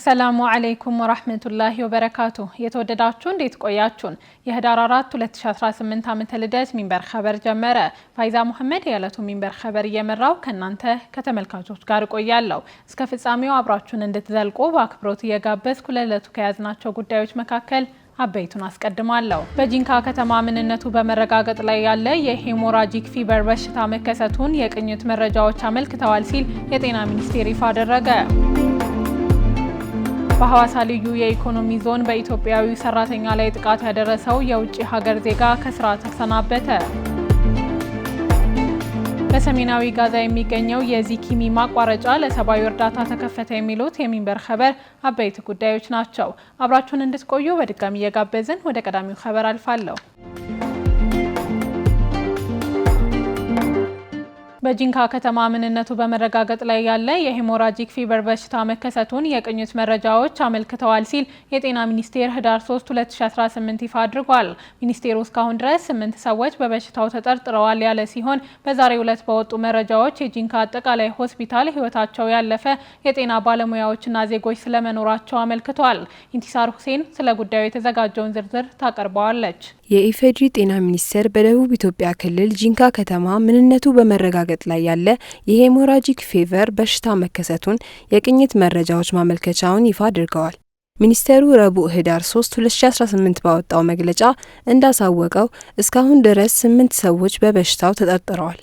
አሰላሙ አለይኩም ወራህመቱላሂ ወበረካቱ። የተወደዳችሁ እንዴት ቆያችሁን? የህዳር 4 2018 ዓመተ ልደት ሚንበር ኸበር ጀመረ። ፋይዛ ሙሐመድ የዕለቱ ሚንበር ኸበር እየመራው ከእናንተ ከተመልካቾች ጋር እቆያለሁ። እስከ ፍጻሜው አብራችሁን እንድትዘልቁ በአክብሮት እየጋበዝኩ ለዕለቱ ከያዝናቸው ጉዳዮች መካከል አበይቱን አስቀድማለሁ። በጂንካ ከተማ ምንነቱ በመረጋገጥ ላይ ያለ የሄሞራጂክ ፊበር በሽታ መከሰቱን የቅኝት መረጃዎች አመልክተዋል ሲል የጤና ሚኒስቴር ይፋ አደረገ። በሐዋሳ ልዩ የኢኮኖሚ ዞን በኢትዮጵያዊ ሰራተኛ ላይ ጥቃት ያደረሰው የውጭ ሀገር ዜጋ ከስራ ተሰናበተ። በሰሜናዊ ጋዛ የሚገኘው የዚኪሚ ማቋረጫ ለሰብአዊ እርዳታ ተከፈተ። የሚሉት የሚንበር ኸበር አበይት ጉዳዮች ናቸው። አብራችሁን እንድትቆዩ በድጋሚ እየጋበዝን ወደ ቀዳሚው ኸበር አልፋለሁ። በጂንካ ከተማ ምንነቱ በመረጋገጥ ላይ ያለ የሄሞራጂክ ፊቨር በሽታ መከሰቱን የቅኝት መረጃዎች አመልክተዋል ሲል የጤና ሚኒስቴር ህዳር 3 2018 ይፋ አድርጓል። ሚኒስቴሩ እስካሁን ድረስ ስምንት ሰዎች በበሽታው ተጠርጥረዋል ያለ ሲሆን በዛሬው ዕለት በወጡ መረጃዎች የጂንካ አጠቃላይ ሆስፒታል ህይወታቸው ያለፈ የጤና ባለሙያዎችና ዜጎች ስለመኖራቸው አመልክቷል። ኢንቲሳር ሁሴን ስለ ጉዳዩ የተዘጋጀውን ዝርዝር ታቀርበዋለች። የኢፌዴሪ ጤና ሚኒስቴር በደቡብ ኢትዮጵያ ክልል ጂንካ ከተማ ምንነቱ በመረጋገጥ ላይ ያለ የሄሞራጂክ ፌቨር በሽታ መከሰቱን የቅኝት መረጃዎች ማመልከቻውን ይፋ አድርገዋል። ሚኒስቴሩ ረቡዕ ህዳር 3 2018 ባወጣው መግለጫ እንዳሳወቀው እስካሁን ድረስ ስምንት ሰዎች በበሽታው ተጠርጥረዋል።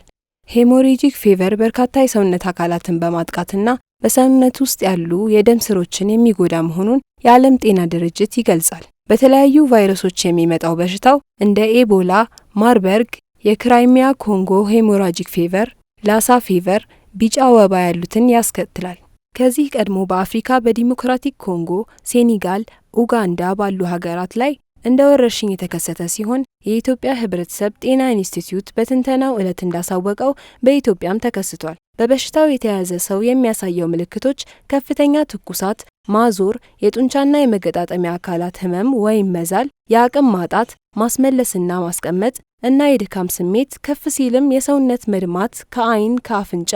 ሄሞሬጂክ ፌቨር በርካታ የሰውነት አካላትን በማጥቃትና በሰውነት ውስጥ ያሉ የደም ስሮችን የሚጎዳ መሆኑን የዓለም ጤና ድርጅት ይገልጻል። በተለያዩ ቫይረሶች የሚመጣው በሽታው እንደ ኤቦላ፣ ማርበርግ፣ የክራይሚያ ኮንጎ ሄሞራጂክ ፌቨር፣ ላሳ ፌቨር፣ ቢጫ ወባ ያሉትን ያስከትላል። ከዚህ ቀድሞ በአፍሪካ በዲሞክራቲክ ኮንጎ፣ ሴኒጋል፣ ኡጋንዳ ባሉ ሀገራት ላይ እንደ ወረርሽኝ የተከሰተ ሲሆን የኢትዮጵያ ሕብረተሰብ ጤና ኢንስቲትዩት በትንተናው ዕለት እንዳሳወቀው በኢትዮጵያም ተከስቷል። በበሽታው የተያዘ ሰው የሚያሳየው ምልክቶች ከፍተኛ ትኩሳት፣ ማዞር፣ የጡንቻና የመገጣጠሚያ አካላት ህመም ወይም መዛል፣ የአቅም ማጣት፣ ማስመለስና ማስቀመጥ እና የድካም ስሜት ከፍ ሲልም የሰውነት መድማት ከአይን ከአፍንጫ፣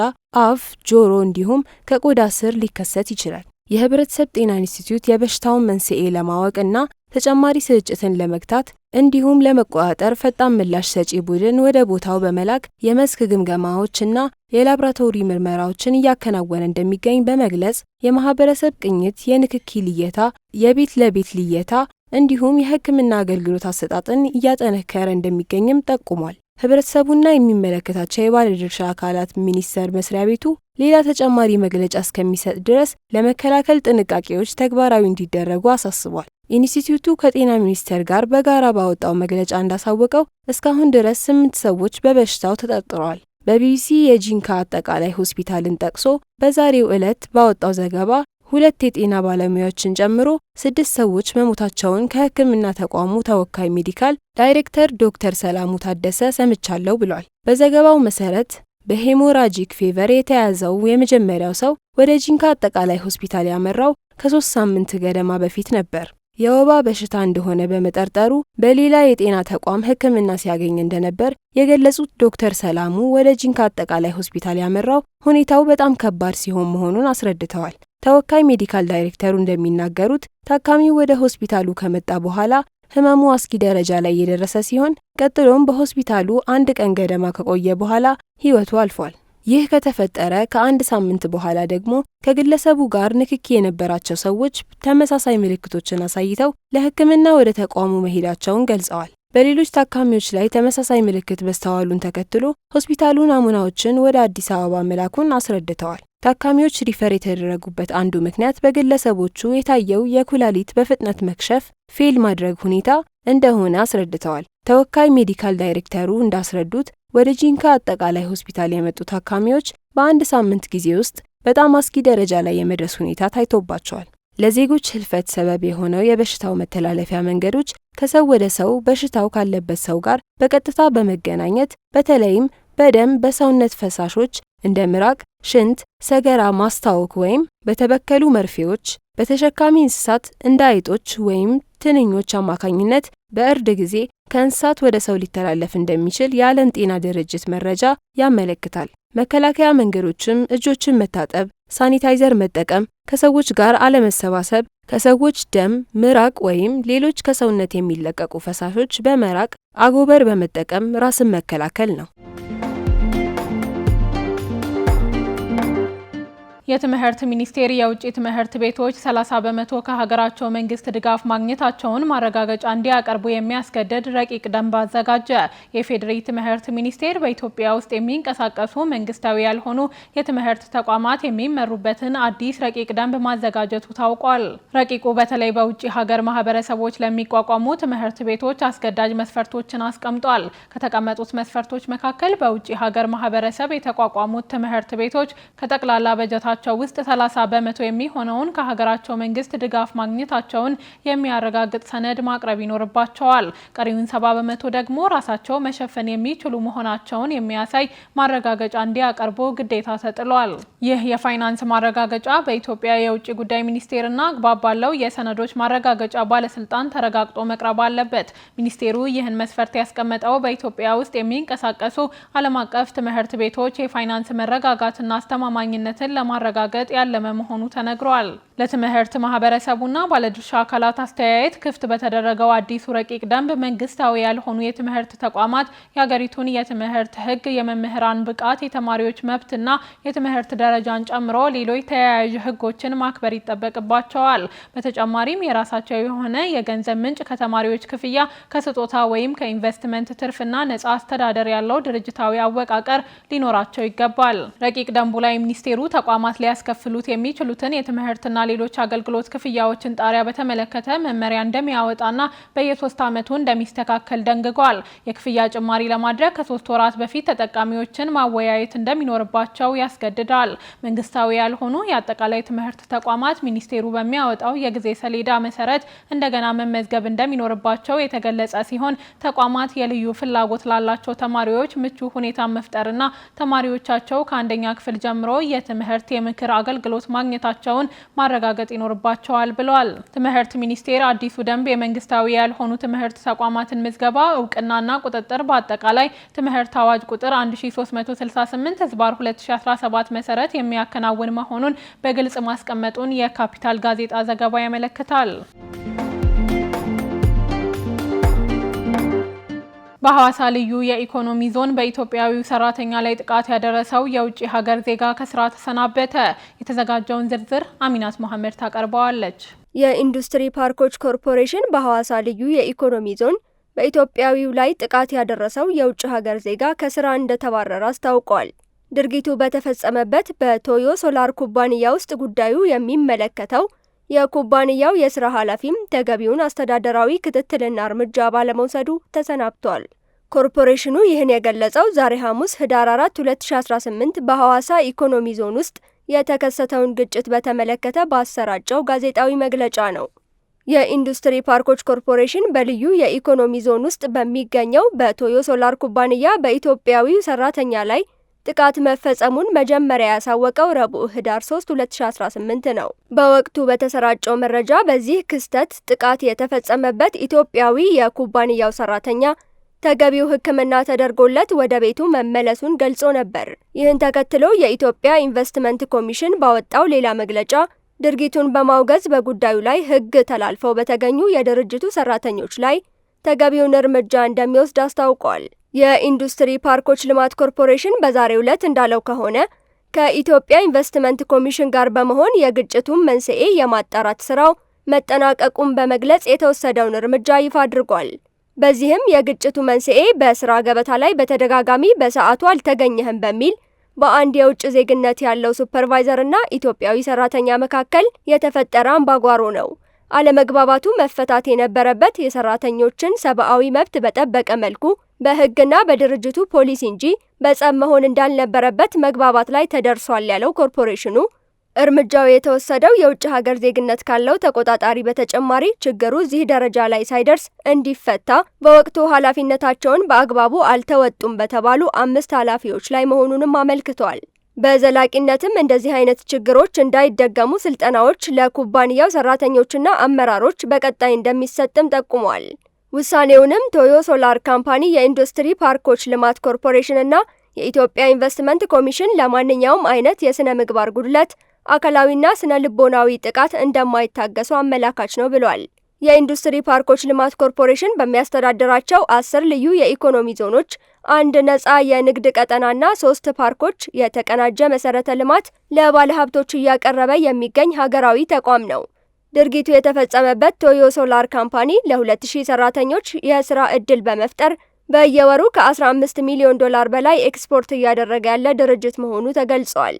አፍ፣ ጆሮ እንዲሁም ከቆዳ ስር ሊከሰት ይችላል። የህብረተሰብ ጤና ኢንስቲትዩት የበሽታውን መንስኤ ለማወቅ እና ተጨማሪ ስርጭትን ለመግታት እንዲሁም ለመቆጣጠር ፈጣን ምላሽ ሰጪ ቡድን ወደ ቦታው በመላክ የመስክ ግምገማዎችና የላብራቶሪ ምርመራዎችን እያከናወነ እንደሚገኝ በመግለጽ የማህበረሰብ ቅኝት፣ የንክኪ ልየታ፣ የቤት ለቤት ልየታ እንዲሁም የሕክምና አገልግሎት አሰጣጥን እያጠነከረ እንደሚገኝም ጠቁሟል። ህብረተሰቡና የሚመለከታቸው የባለድርሻ አካላት ሚኒስቴር መስሪያ ቤቱ ሌላ ተጨማሪ መግለጫ እስከሚሰጥ ድረስ ለመከላከል ጥንቃቄዎች ተግባራዊ እንዲደረጉ አሳስቧል። ኢንስቲትዩቱ ከጤና ሚኒስቴር ጋር በጋራ ባወጣው መግለጫ እንዳሳወቀው እስካሁን ድረስ ስምንት ሰዎች በበሽታው ተጠርጥረዋል። በቢቢሲ የጂንካ አጠቃላይ ሆስፒታልን ጠቅሶ በዛሬው ዕለት ባወጣው ዘገባ ሁለት የጤና ባለሙያዎችን ጨምሮ ስድስት ሰዎች መሞታቸውን ከሕክምና ተቋሙ ተወካይ ሜዲካል ዳይሬክተር ዶክተር ሰላሙ ታደሰ ሰምቻለሁ ብሏል። በዘገባው መሰረት በሄሞራጂክ ፌቨር የተያዘው የመጀመሪያው ሰው ወደ ጂንካ አጠቃላይ ሆስፒታል ያመራው ከሶስት ሳምንት ገደማ በፊት ነበር። የወባ በሽታ እንደሆነ በመጠርጠሩ በሌላ የጤና ተቋም ሕክምና ሲያገኝ እንደነበር የገለጹት ዶክተር ሰላሙ ወደ ጂንካ አጠቃላይ ሆስፒታል ያመራው ሁኔታው በጣም ከባድ ሲሆን መሆኑን አስረድተዋል። ተወካይ ሜዲካል ዳይሬክተሩ እንደሚናገሩት ታካሚው ወደ ሆስፒታሉ ከመጣ በኋላ ህመሙ አስጊ ደረጃ ላይ የደረሰ ሲሆን ቀጥሎም በሆስፒታሉ አንድ ቀን ገደማ ከቆየ በኋላ ህይወቱ አልፏል። ይህ ከተፈጠረ ከአንድ ሳምንት በኋላ ደግሞ ከግለሰቡ ጋር ንክኪ የነበራቸው ሰዎች ተመሳሳይ ምልክቶችን አሳይተው ለሕክምና ወደ ተቋሙ መሄዳቸውን ገልጸዋል። በሌሎች ታካሚዎች ላይ ተመሳሳይ ምልክት መስተዋሉን ተከትሎ ሆስፒታሉ ናሙናዎችን ወደ አዲስ አበባ መላኩን አስረድተዋል። ታካሚዎች ሪፈር የተደረጉበት አንዱ ምክንያት በግለሰቦቹ የታየው የኩላሊት በፍጥነት መክሸፍ ፌል ማድረግ ሁኔታ እንደሆነ አስረድተዋል። ተወካይ ሜዲካል ዳይሬክተሩ እንዳስረዱት ወደ ጂንካ አጠቃላይ ሆስፒታል የመጡ ታካሚዎች በአንድ ሳምንት ጊዜ ውስጥ በጣም አስጊ ደረጃ ላይ የመድረስ ሁኔታ ታይቶባቸዋል። ለዜጎች ህልፈት ሰበብ የሆነው የበሽታው መተላለፊያ መንገዶች ከሰው ወደ ሰው በሽታው ካለበት ሰው ጋር በቀጥታ በመገናኘት በተለይም በደም በሰውነት ፈሳሾች እንደ ምራቅ፣ ሽንት፣ ሰገራ ማስታወክ ወይም በተበከሉ መርፌዎች፣ በተሸካሚ እንስሳት እንደ አይጦች ወይም ትንኞች አማካኝነት በእርድ ጊዜ ከእንስሳት ወደ ሰው ሊተላለፍ እንደሚችል የዓለም ጤና ድርጅት መረጃ ያመለክታል። መከላከያ መንገዶችም እጆችን መታጠብ፣ ሳኒታይዘር መጠቀም፣ ከሰዎች ጋር አለመሰባሰብ፣ ከሰዎች ደም፣ ምራቅ ወይም ሌሎች ከሰውነት የሚለቀቁ ፈሳሾች በመራቅ አጎበር በመጠቀም ራስን መከላከል ነው። የትምህርት ሚኒስቴር የውጭ ትምህርት ቤቶች 30 በመቶ ከሀገራቸው መንግስት ድጋፍ ማግኘታቸውን ማረጋገጫ እንዲያቀርቡ የሚያስገድድ ረቂቅ ደንብ አዘጋጀ። የፌዴሪ ትምህርት ሚኒስቴር በኢትዮጵያ ውስጥ የሚንቀሳቀሱ መንግስታዊ ያልሆኑ የትምህርት ተቋማት የሚመሩበትን አዲስ ረቂቅ ደንብ ማዘጋጀቱ ታውቋል። ረቂቁ በተለይ በውጭ ሀገር ማህበረሰቦች ለሚቋቋሙ ትምህርት ቤቶች አስገዳጅ መስፈርቶችን አስቀምጧል። ከተቀመጡት መስፈርቶች መካከል በውጭ ሀገር ማህበረሰብ የተቋቋሙት ትምህርት ቤቶች ከጠቅላላ በጀታቸው ከደሞዛቸው ውስጥ 30 በመቶ የሚሆነውን ከሀገራቸው መንግስት ድጋፍ ማግኘታቸውን የሚያረጋግጥ ሰነድ ማቅረብ ይኖርባቸዋል። ቀሪውን ሰባ በመቶ ደግሞ ራሳቸው መሸፈን የሚችሉ መሆናቸውን የሚያሳይ ማረጋገጫ እንዲያቀርቡ ግዴታ ተጥሏል። ይህ የፋይናንስ ማረጋገጫ በኢትዮጵያ የውጭ ጉዳይ ሚኒስቴርና አግባብ ባለው የሰነዶች ማረጋገጫ ባለስልጣን ተረጋግጦ መቅረብ አለበት። ሚኒስቴሩ ይህን መስፈርት ያስቀመጠው በኢትዮጵያ ውስጥ የሚንቀሳቀሱ ዓለም አቀፍ ትምህርት ቤቶች የፋይናንስ መረጋጋትና አስተማማኝነትን ለማረጋ ለማረጋገጥ ያለመ መሆኑ ተነግሯል። ለትምህርት ማህበረሰቡና ባለድርሻ አካላት አስተያየት ክፍት በተደረገው አዲሱ ረቂቅ ደንብ መንግስታዊ ያልሆኑ የትምህርት ተቋማት የሀገሪቱን የትምህርት ህግ የመምህራን ብቃት፣ የተማሪዎች መብትና የትምህርት ደረጃን ጨምሮ ሌሎች ተያያዥ ህጎችን ማክበር ይጠበቅባቸዋል። በተጨማሪም የራሳቸው የሆነ የገንዘብ ምንጭ ከተማሪዎች ክፍያ፣ ከስጦታ ወይም ከኢንቨስትመንት ትርፍና ነጻ አስተዳደር ያለው ድርጅታዊ አወቃቀር ሊኖራቸው ይገባል። ረቂቅ ደንቡ ላይ ሚኒስቴሩ ተቋማት ሊያስከፍሉት የሚችሉትን የትምህርትና ሌሎች አገልግሎት ክፍያዎችን ጣሪያ በተመለከተ መመሪያ እንደሚያወጣና በየሶስት ዓመቱ እንደሚስተካከል ደንግጓል። የክፍያ ጭማሪ ለማድረግ ከሶስት ወራት በፊት ተጠቃሚዎችን ማወያየት እንደሚኖርባቸው ያስገድዳል። መንግስታዊ ያልሆኑ የአጠቃላይ ትምህርት ተቋማት ሚኒስቴሩ በሚያወጣው የጊዜ ሰሌዳ መሰረት እንደገና መመዝገብ እንደሚኖርባቸው የተገለጸ ሲሆን ተቋማት የልዩ ፍላጎት ላላቸው ተማሪዎች ምቹ ሁኔታ መፍጠርና ተማሪዎቻቸው ከአንደኛ ክፍል ጀምሮ የትምህርት የምክር አገልግሎት ማግኘታቸውን ማ ማረጋገጥ ይኖርባቸዋል ብለዋል። ትምህርት ሚኒስቴር አዲሱ ደንብ የመንግስታዊ ያልሆኑ ትምህርት ተቋማትን ምዝገባ እውቅናና ቁጥጥር በአጠቃላይ ትምህርት አዋጅ ቁጥር 1368 ህዝባር 2017 መሰረት የሚያከናውን መሆኑን በግልጽ ማስቀመጡን የካፒታል ጋዜጣ ዘገባ ያመለክታል። በሐዋሳ ልዩ የኢኮኖሚ ዞን በኢትዮጵያዊ ሰራተኛ ላይ ጥቃት ያደረሰው የውጭ ሀገር ዜጋ ከስራ ተሰናበተ። የተዘጋጀውን ዝርዝር አሚናት መሐመድ ታቀርበዋለች። የኢንዱስትሪ ፓርኮች ኮርፖሬሽን በሐዋሳ ልዩ የኢኮኖሚ ዞን በኢትዮጵያዊው ላይ ጥቃት ያደረሰው የውጭ ሀገር ዜጋ ከስራ እንደተባረረ አስታውቋል። ድርጊቱ በተፈጸመበት በቶዮ ሶላር ኩባንያ ውስጥ ጉዳዩ የሚመለከተው የኩባንያው የስራ ኃላፊም ተገቢውን አስተዳደራዊ ክትትልና እርምጃ ባለመውሰዱ ተሰናብቷል። ኮርፖሬሽኑ ይህን የገለጸው ዛሬ ሐሙስ ህዳር 4 2018 በሐዋሳ ኢኮኖሚ ዞን ውስጥ የተከሰተውን ግጭት በተመለከተ ባሰራጨው ጋዜጣዊ መግለጫ ነው። የኢንዱስትሪ ፓርኮች ኮርፖሬሽን በልዩ የኢኮኖሚ ዞን ውስጥ በሚገኘው በቶዮ ሶላር ኩባንያ በኢትዮጵያዊ ሰራተኛ ላይ ጥቃት መፈጸሙን መጀመሪያ ያሳወቀው ረቡዕ ህዳር 3 2018 ነው። በወቅቱ በተሰራጨው መረጃ በዚህ ክስተት ጥቃት የተፈጸመበት ኢትዮጵያዊ የኩባንያው ሰራተኛ ተገቢው ሕክምና ተደርጎለት ወደ ቤቱ መመለሱን ገልጾ ነበር። ይህን ተከትሎ የኢትዮጵያ ኢንቨስትመንት ኮሚሽን ባወጣው ሌላ መግለጫ ድርጊቱን በማውገዝ በጉዳዩ ላይ ሕግ ተላልፈው በተገኙ የድርጅቱ ሰራተኞች ላይ ተገቢውን እርምጃ እንደሚወስድ አስታውቋል። የኢንዱስትሪ ፓርኮች ልማት ኮርፖሬሽን በዛሬው ዕለት እንዳለው ከሆነ ከኢትዮጵያ ኢንቨስትመንት ኮሚሽን ጋር በመሆን የግጭቱን መንስኤ የማጣራት ስራው መጠናቀቁን በመግለጽ የተወሰደውን እርምጃ ይፋ አድርጓል። በዚህም የግጭቱ መንስኤ በስራ ገበታ ላይ በተደጋጋሚ በሰዓቱ አልተገኘህም በሚል በአንድ የውጭ ዜግነት ያለው ሱፐርቫይዘርና ኢትዮጵያዊ ሰራተኛ መካከል የተፈጠረ አምባጓሮ ነው። አለመግባባቱ መፈታት የነበረበት የሰራተኞችን ሰብአዊ መብት በጠበቀ መልኩ በህግና በድርጅቱ ፖሊሲ እንጂ በጸብ መሆን እንዳልነበረበት መግባባት ላይ ተደርሷል ያለው ኮርፖሬሽኑ እርምጃው የተወሰደው የውጭ ሀገር ዜግነት ካለው ተቆጣጣሪ በተጨማሪ ችግሩ እዚህ ደረጃ ላይ ሳይደርስ እንዲፈታ በወቅቱ ኃላፊነታቸውን በአግባቡ አልተወጡም በተባሉ አምስት ኃላፊዎች ላይ መሆኑንም አመልክቷል። በዘላቂነትም እንደዚህ አይነት ችግሮች እንዳይደገሙ ስልጠናዎች ለኩባንያው ሰራተኞችና አመራሮች በቀጣይ እንደሚሰጥም ጠቁሟል። ውሳኔውንም ቶዮ ሶላር ካምፓኒ፣ የኢንዱስትሪ ፓርኮች ልማት ኮርፖሬሽንና የኢትዮጵያ ኢንቨስትመንት ኮሚሽን ለማንኛውም አይነት የሥነ ምግባር ጉድለት፣ አካላዊና ስነ ልቦናዊ ጥቃት እንደማይታገሱ አመላካች ነው ብሏል። የኢንዱስትሪ ፓርኮች ልማት ኮርፖሬሽን በሚያስተዳድራቸው አስር ልዩ የኢኮኖሚ ዞኖች አንድ ነፃ የንግድ ቀጠናና ሶስት ፓርኮች የተቀናጀ መሰረተ ልማት ለባለሀብቶች እያቀረበ የሚገኝ ሀገራዊ ተቋም ነው። ድርጊቱ የተፈጸመበት ቶዮ ሶላር ካምፓኒ ለ2000 ሰራተኞች የስራ ዕድል በመፍጠር በየወሩ ከ15 ሚሊዮን ዶላር በላይ ኤክስፖርት እያደረገ ያለ ድርጅት መሆኑ ተገልጿል።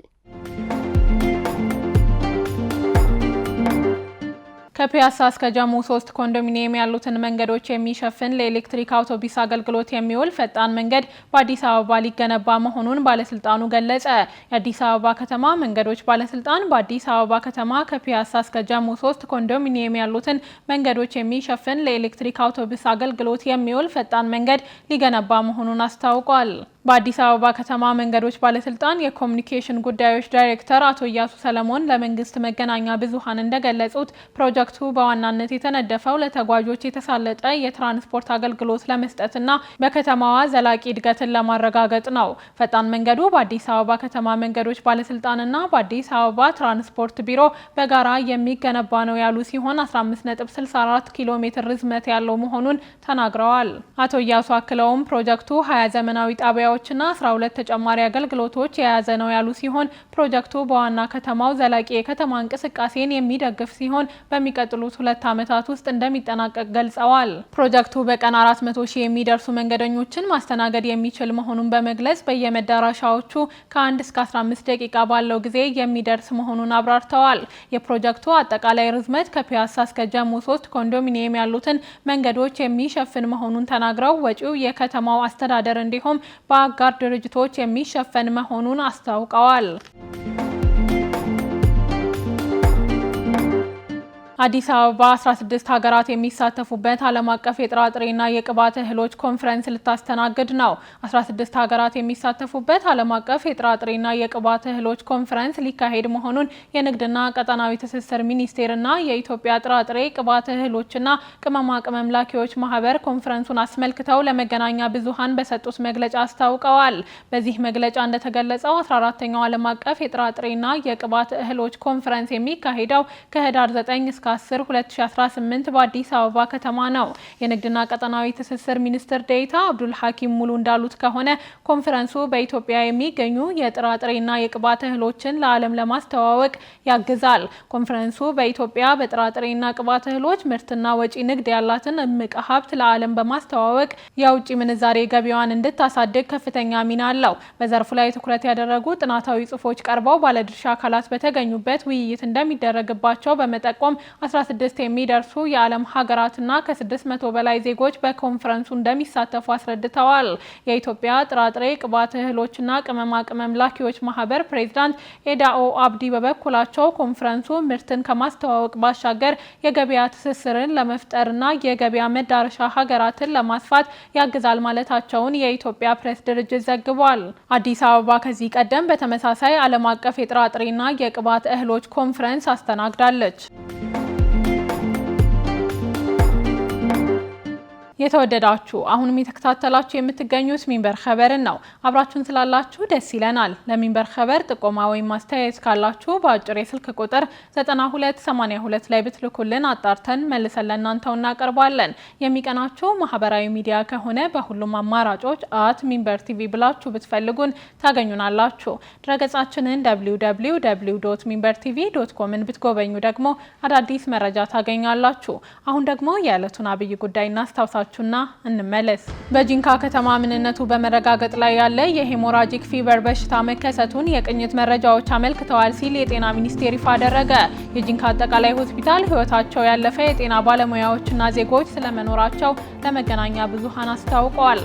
ከፒያሳ እስከ ጀሙ ሶስት ኮንዶሚኒየም ያሉትን መንገዶች የሚሸፍን ለኤሌክትሪክ አውቶቡስ አገልግሎት የሚውል ፈጣን መንገድ በአዲስ አበባ ሊገነባ መሆኑን ባለስልጣኑ ገለጸ። የአዲስ አበባ ከተማ መንገዶች ባለስልጣን በአዲስ አበባ ከተማ ከፒያሳ እስከ ጀሙ ሶስት ኮንዶሚኒየም ያሉትን መንገዶች የሚሸፍን ለኤሌክትሪክ አውቶቡስ አገልግሎት የሚውል ፈጣን መንገድ ሊገነባ መሆኑን አስታውቋል። በአዲስ አበባ ከተማ መንገዶች ባለስልጣን የኮሚኒኬሽን ጉዳዮች ዳይሬክተር አቶ እያሱ ሰለሞን ለመንግስት መገናኛ ብዙኃን እንደገለጹት ፕሮጀክቱ በዋናነት የተነደፈው ለተጓዦች የተሳለጠ የትራንስፖርት አገልግሎት ለመስጠትና በከተማዋ ዘላቂ እድገትን ለማረጋገጥ ነው። ፈጣን መንገዱ በአዲስ አበባ ከተማ መንገዶች ባለስልጣንና በአዲስ አበባ ትራንስፖርት ቢሮ በጋራ የሚገነባ ነው ያሉ ሲሆን 15.64 ኪሎ ሜትር ርዝመት ያለው መሆኑን ተናግረዋል። አቶ እያሱ አክለውም ፕሮጀክቱ ሀያ ዘመናዊ ጣቢያ መጓጓዣዎችና 12 ተጨማሪ አገልግሎቶች የያዘ ነው ያሉ ሲሆን ፕሮጀክቱ በዋና ከተማው ዘላቂ የከተማ እንቅስቃሴን የሚደግፍ ሲሆን በሚቀጥሉት ሁለት ዓመታት ውስጥ እንደሚጠናቀቅ ገልጸዋል። ፕሮጀክቱ በቀን 400 ሺህ የሚደርሱ መንገደኞችን ማስተናገድ የሚችል መሆኑን በመግለጽ በየመዳረሻዎቹ ከ1 እስከ 15 ደቂቃ ባለው ጊዜ የሚደርስ መሆኑን አብራርተዋል። የፕሮጀክቱ አጠቃላይ ርዝመት ከፒያሳ እስከ ጀሙ ሶስት ኮንዶሚኒየም ያሉትን መንገዶች የሚሸፍን መሆኑን ተናግረው ወጪው የከተማው አስተዳደር እንዲሁም በ አጋር ድርጅቶች የሚሸፈን መሆኑን አስታውቀዋል። አዲስ አበባ 16 ሀገራት የሚሳተፉበት ዓለም አቀፍ የጥራጥሬና የቅባት እህሎች ኮንፈረንስ ልታስተናግድ ነው። 16 ሀገራት የሚሳተፉበት ዓለም አቀፍ የጥራጥሬና የቅባት እህሎች ኮንፈረንስ ሊካሄድ መሆኑን የንግድና ቀጠናዊ ትስስር ሚኒስቴርና የኢትዮጵያ ጥራጥሬ ቅባት እህሎችና ቅመማ ቅመም ላኪዎች ማህበር ኮንፈረንሱን አስመልክተው ለመገናኛ ብዙሃን በሰጡት መግለጫ አስታውቀዋል። በዚህ መግለጫ እንደተገለጸው 14ኛው ዓለም አቀፍ የጥራጥሬና የቅባት እህሎች ኮንፈረንስ የሚካሄደው ከህዳር 9 እስከ 10 2018 በአዲስ አበባ ከተማ ነው። የንግድና ቀጠናዊ ትስስር ሚኒስትር ዴኤታ አብዱል ሐኪም ሙሉ እንዳሉት ከሆነ ኮንፈረንሱ በኢትዮጵያ የሚገኙ የጥራጥሬና የቅባት እህሎችን ለዓለም ለማስተዋወቅ ያግዛል። ኮንፈረንሱ በኢትዮጵያ በጥራጥሬና ቅባት እህሎች ምርትና ወጪ ንግድ ያላትን እምቅ ሀብት ለዓለም በማስተዋወቅ የውጭ ምንዛሬ ገቢዋን እንድታሳድግ ከፍተኛ ሚና አለው። በዘርፉ ላይ ትኩረት ያደረጉ ጥናታዊ ጽሑፎች ቀርበው ባለድርሻ አካላት በተገኙበት ውይይት እንደሚደረግባቸው በመጠቆም 16 የሚደርሱ የዓለም ሀገራትና ከ600 በላይ ዜጎች በኮንፈረንሱ እንደሚሳተፉ አስረድተዋል። የኢትዮጵያ ጥራጥሬ ቅባት እህሎችና ቅመማ ቅመም ላኪዎች ማህበር ፕሬዚዳንት ኤዳኦ አብዲ በበኩላቸው ኮንፈረንሱ ምርትን ከማስተዋወቅ ባሻገር የገበያ ትስስርን ለመፍጠርና የገበያ መዳረሻ ሀገራትን ለማስፋት ያግዛል ማለታቸውን የኢትዮጵያ ፕሬስ ድርጅት ዘግቧል። አዲስ አበባ ከዚህ ቀደም በተመሳሳይ ዓለም አቀፍ የጥራጥሬና የቅባት እህሎች ኮንፈረንስ አስተናግዳለች። የተወደዳችሁ አሁንም የተከታተላችሁ የምትገኙት ሚንበር ኸበርን ነው። አብራችሁን ስላላችሁ ደስ ይለናል። ለሚንበር ኸበር ጥቆማ ወይም ማስተያየት ካላችሁ በአጭር የስልክ ቁጥር 9282 ላይ ብትልኩልን አጣርተን መልሰን ለእናንተው እናቀርባለን። የሚቀናችሁ ማህበራዊ ሚዲያ ከሆነ በሁሉም አማራጮች አት ሚንበር ቲቪ ብላችሁ ብትፈልጉን ታገኙናላችሁ። ድረገጻችንን www ሚንበር ቲቪ ዶት ኮምን ብትጎበኙ ደግሞ አዳዲስ መረጃ ታገኛላችሁ። አሁን ደግሞ የዕለቱን አብይ ጉዳይ እናስታውሳችሁ። ላስቃኛችሁና እንመለስ። በጂንካ ከተማ ምንነቱ በመረጋገጥ ላይ ያለ የሄሞራጂክ ፊቨር በሽታ መከሰቱን የቅኝት መረጃዎች አመልክተዋል ሲል የጤና ሚኒስቴር ይፋ አደረገ። የጂንካ አጠቃላይ ሆስፒታል ሕይወታቸው ያለፈ የጤና ባለሙያዎችና ዜጎች ስለመኖራቸው ለመገናኛ ብዙሃን አስታውቀዋል።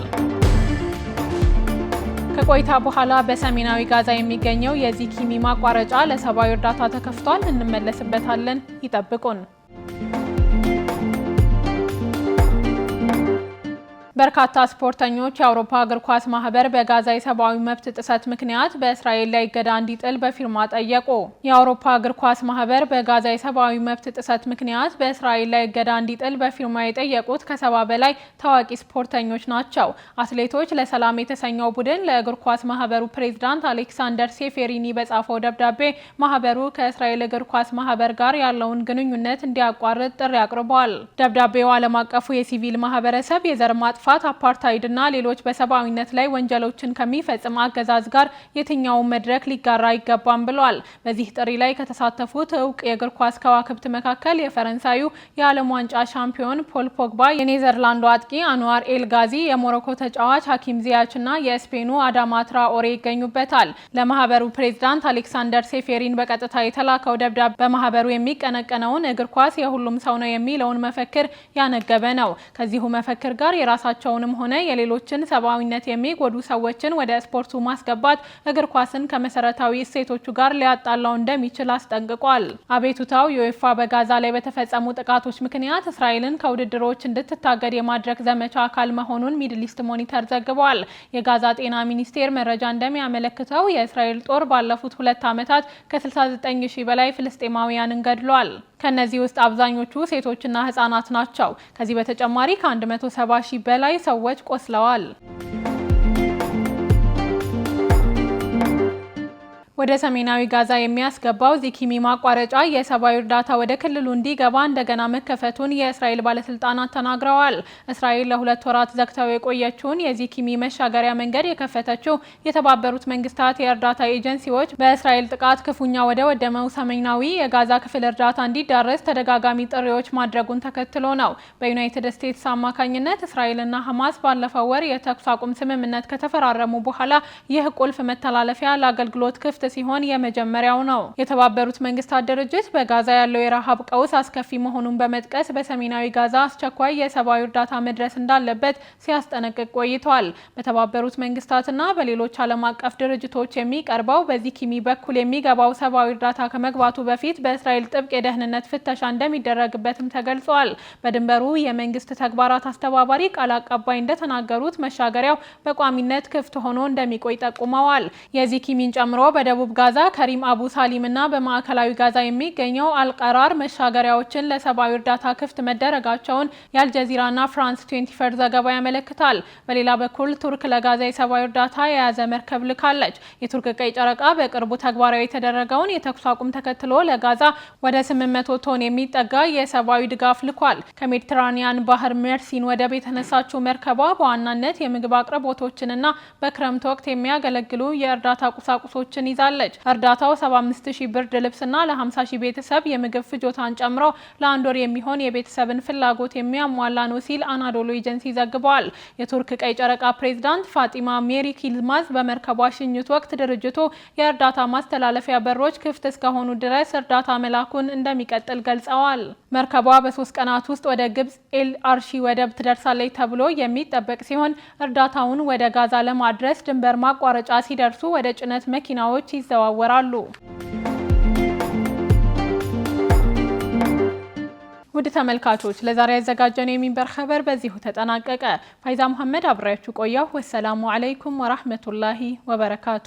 ከቆይታ በኋላ በሰሜናዊ ጋዛ የሚገኘው የዚህ ኪሚ ማቋረጫ ለሰብአዊ እርዳታ ተከፍቷል። እንመለስበታለን። ይጠብቁን። በርካታ ስፖርተኞች የአውሮፓ እግር ኳስ ማህበር በጋዛ የሰብአዊ መብት ጥሰት ምክንያት በእስራኤል ላይ እገዳ እንዲጥል በፊርማ ጠየቁ። የአውሮፓ እግር ኳስ ማህበር በጋዛ የሰብአዊ መብት ጥሰት ምክንያት በእስራኤል ላይ እገዳ እንዲጥል በፊርማ የጠየቁት ከሰባ በላይ ታዋቂ ስፖርተኞች ናቸው። አትሌቶች ለሰላም የተሰኘው ቡድን ለእግር ኳስ ማህበሩ ፕሬዝዳንት አሌክሳንደር ሴፌሪኒ በጻፈው ደብዳቤ ማህበሩ ከእስራኤል እግር ኳስ ማህበር ጋር ያለውን ግንኙነት እንዲያቋርጥ ጥሪ አቅርቧል። ደብዳቤው ዓለም አቀፉ የሲቪል ማህበረሰብ የዘር ማጥ። ማጥፋት አፓርታይድና ሌሎች በሰብአዊነት ላይ ወንጀሎችን ከሚፈጽም አገዛዝ ጋር የትኛውን መድረክ ሊጋራ አይገባም ብለዋል። በዚህ ጥሪ ላይ ከተሳተፉት እውቅ የእግር ኳስ ከዋክብት መካከል የፈረንሳዩ የዓለም ዋንጫ ሻምፒዮን ፖል ፖግባ፣ የኔዘርላንዱ አጥቂ አንዋር ኤልጋዚ፣ የሞሮኮ ተጫዋች ሀኪም ዚያችና የስፔኑ አዳማ ትራኦሬ ይገኙበታል። ለማህበሩ ፕሬዝዳንት አሌክሳንደር ሴፌሪን በቀጥታ የተላከው ደብዳቤ በማህበሩ የሚቀነቀነውን እግር ኳስ የሁሉም ሰው ነው የሚለውን መፈክር ያነገበ ነው። ከዚሁ መፈክር ጋር የራሳቸው ራሳቸውንም ሆነ የሌሎችን ሰብአዊነት የሚጎዱ ሰዎችን ወደ ስፖርቱ ማስገባት እግር ኳስን ከመሰረታዊ እሴቶቹ ጋር ሊያጣላው እንደሚችል አስጠንቅቋል። አቤቱታው የዩኤፋ በጋዛ ላይ በተፈጸሙ ጥቃቶች ምክንያት እስራኤልን ከውድድሮች እንድትታገድ የማድረግ ዘመቻ አካል መሆኑን ሚድሊስት ሞኒተር ዘግቧል። የጋዛ ጤና ሚኒስቴር መረጃ እንደሚያመለክተው የእስራኤል ጦር ባለፉት ሁለት ዓመታት ከ69 ሺህ በላይ ፍልስጤማውያንን ገድሏል። ከእነዚህ ውስጥ አብዛኞቹ ሴቶችና ህጻናት ናቸው። ከዚህ በተጨማሪ ከ170 ሺህ በላይ በላይ ሰዎች ቆስለዋል። ወደ ሰሜናዊ ጋዛ የሚያስገባው ዚኪሚ ማቋረጫ የሰብአዊ እርዳታ ወደ ክልሉ እንዲገባ እንደገና መከፈቱን የእስራኤል ባለስልጣናት ተናግረዋል። እስራኤል ለሁለት ወራት ዘግተው የቆየችውን የዚኪሚ መሻገሪያ መንገድ የከፈተችው የተባበሩት መንግስታት የእርዳታ ኤጀንሲዎች በእስራኤል ጥቃት ክፉኛ ወደ ወደመው ሰሜናዊ የጋዛ ክፍል እርዳታ እንዲዳረስ ተደጋጋሚ ጥሪዎች ማድረጉን ተከትሎ ነው። በዩናይትድ ስቴትስ አማካኝነት እስራኤልና ሐማስ ባለፈው ወር የተኩስ አቁም ስምምነት ከተፈራረሙ በኋላ ይህ ቁልፍ መተላለፊያ ለአገልግሎት ክፍት ሲሆን የመጀመሪያው ነው። የተባበሩት መንግስታት ድርጅት በጋዛ ያለው የረሃብ ቀውስ አስከፊ መሆኑን በመጥቀስ በሰሜናዊ ጋዛ አስቸኳይ የሰብአዊ እርዳታ መድረስ እንዳለበት ሲያስጠነቅቅ ቆይቷል። በተባበሩት መንግስታትና በሌሎች ዓለም አቀፍ ድርጅቶች የሚቀርበው በዚህ ኪሚ በኩል የሚገባው ሰብአዊ እርዳታ ከመግባቱ በፊት በእስራኤል ጥብቅ የደህንነት ፍተሻ እንደሚደረግበትም ተገልጿል። በድንበሩ የመንግስት ተግባራት አስተባባሪ ቃል አቀባይ እንደተናገሩት መሻገሪያው በቋሚነት ክፍት ሆኖ እንደሚቆይ ጠቁመዋል። የዚህ ኪሚን ጨምሮ በደ በደቡብ ጋዛ ከሪም አቡ ሳሊም እና በማዕከላዊ ጋዛ የሚገኘው አልቀራር መሻገሪያዎችን ለሰብአዊ እርዳታ ክፍት መደረጋቸውን የአልጀዚራና ፍራንስ ትዌንቲፈር ዘገባ ያመለክታል። በሌላ በኩል ቱርክ ለጋዛ የሰብአዊ እርዳታ የያዘ መርከብ ልካለች። የቱርክ ቀይ ጨረቃ በቅርቡ ተግባራዊ የተደረገውን የተኩስ አቁም ተከትሎ ለጋዛ ወደ 800 ቶን የሚጠጋ የሰብአዊ ድጋፍ ልኳል። ከሜዲትራኒያን ባህር ሜርሲን ወደብ የተነሳችው መርከቧ በዋናነት የምግብ አቅርቦቶችንና በክረምት ወቅት የሚያገለግሉ የእርዳታ ቁሳቁሶችን ይዛል። ወስዳለች። እርዳታው 75 ሺህ ብርድ ልብስና ለ50 ሺህ ቤተሰብ የምግብ ፍጆታን ጨምሮ ለአንድ ወር የሚሆን የቤተሰብን ፍላጎት የሚያሟላ ነው ሲል አናዶሎ ኤጀንሲ ዘግቧል። የቱርክ ቀይ ጨረቃ ፕሬዝዳንት ፋጢማ ሜሪኪልማዝ በመርከቧ ሽኝት ወቅት ድርጅቱ የእርዳታ ማስተላለፊያ በሮች ክፍት እስከሆኑ ድረስ እርዳታ መላኩን እንደሚቀጥል ገልጸዋል። መርከቧ በሶስት ቀናት ውስጥ ወደ ግብጽ ኤል አርሺ ወደብ ትደርሳለች ተብሎ የሚጠበቅ ሲሆን እርዳታውን ወደ ጋዛ ለማድረስ ድንበር ማቋረጫ ሲደርሱ ወደ ጭነት መኪናዎች ይዘዋወራሉ። ውድ ተመልካቾች ለዛሬ ያዘጋጀነው የሚንበር ኸበር በዚሁ ተጠናቀቀ። ፋይዛ መሐመድ አብሬያችሁ ቆያሁ። ወሰላሙ አለይኩም ወራህመቱላሂ ወበረካቱ